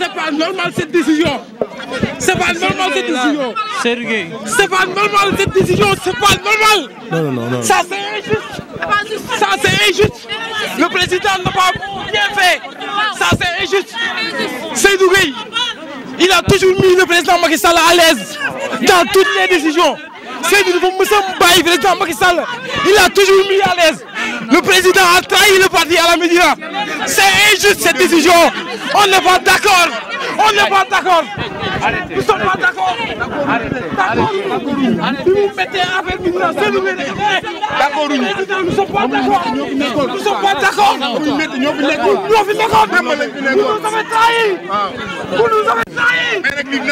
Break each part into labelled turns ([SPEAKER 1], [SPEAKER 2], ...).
[SPEAKER 1] C'est pas normal cette décision. C'est pas normal cette décision. C'est pas normal Non, non, Ça c'est injuste. Ça Le président n'a pas bien fait. Ça c'est injuste. Seydou Gueye. il a toujours mis le président Macky à l'aise dans toutes les décisions Seydou dafa mës a bàyyi président Macky il a toujours mis à l'aise le président a trahi le parti à la Médina c'est injuste cette décision On n'est pas d'accord. On n'est pas d'accord. Nous ne sommes pas d'accord. D'accord. Si vous mettez avec nous, c'est nous. Eh, d'accord. Nous ne sommes pas d'accord. Nous ne sommes pas d'accord. Nous ne sommes pas d'accord. Ah. Vous nous avez trahis. Vous nous avez trahis.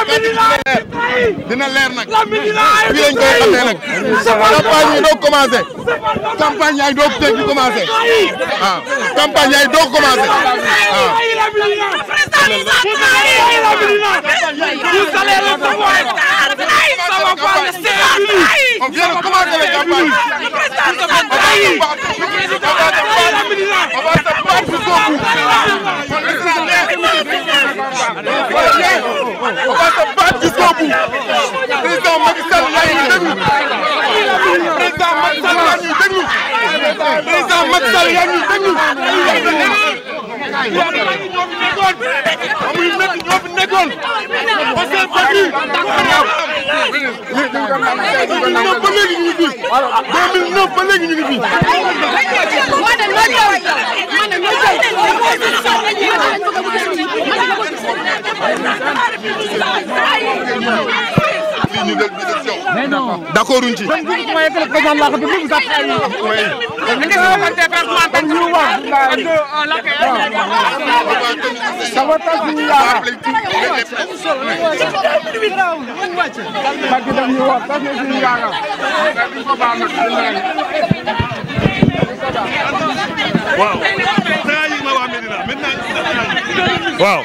[SPEAKER 1] dina leer nag fii lañ koy xamee nag campagne yi doo commencé campagne yaay doo teg bi commencé waaw campagne yaay doo commencé waaw. baat jusqu'au bout président Macky Sall la ñuy déglu président Macky Sall la ñuy déglu président Macky Sall la ñuy déglu. yow dafa ñu ñoo fi nekkoon amuñu métti ñoo fi nekkoon parce que fekk ñu 2009 ba léegi ñu ngi fi 2009 ba léegi ñu ngi fi. lii ñu def décision. mais non d'accord uñ ci. man bu ma yeggalee président de la République vous appelez lui. oui.
[SPEAKER 2] ça va tas ñu yaakaar.
[SPEAKER 1] parce que dañuy wax tas na suñu yaakaar.
[SPEAKER 2] waaw.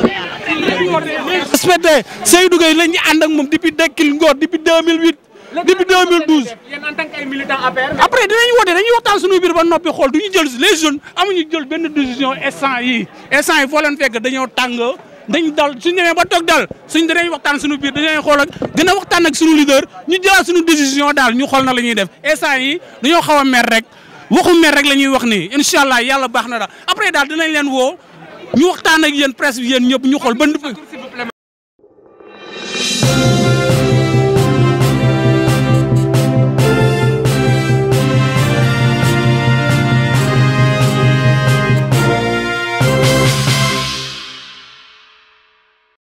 [SPEAKER 2] waaw. respecté Seydou Gueye la ñu ànd ak moom depuis dekkil ngor depuis 2008. depuis 2012 yéen en tant que ay militant APR après dinañu woote dañuy waxtaan suñu biir ba noppi xool du ñu jël les jeunes amuñu jël benn décision instant yi instant yi foo leen fekk dañoo tàng dañ dal suñu demee ba toog dal suñ dinañ waxtaan suñu biir dañuy xool ak gën a waxtaan ak suñu leader ñu jëlaat suñu décision daal ñu xool na la ñuy def instant yi dañoo xaw mer rek waxu mer rek la ñuy wax nii incha allah yàlla baax na daal après daal dinañ leen woo ñu waxtaan ak yéen presse bi yéen ñëpp ñu xool ba.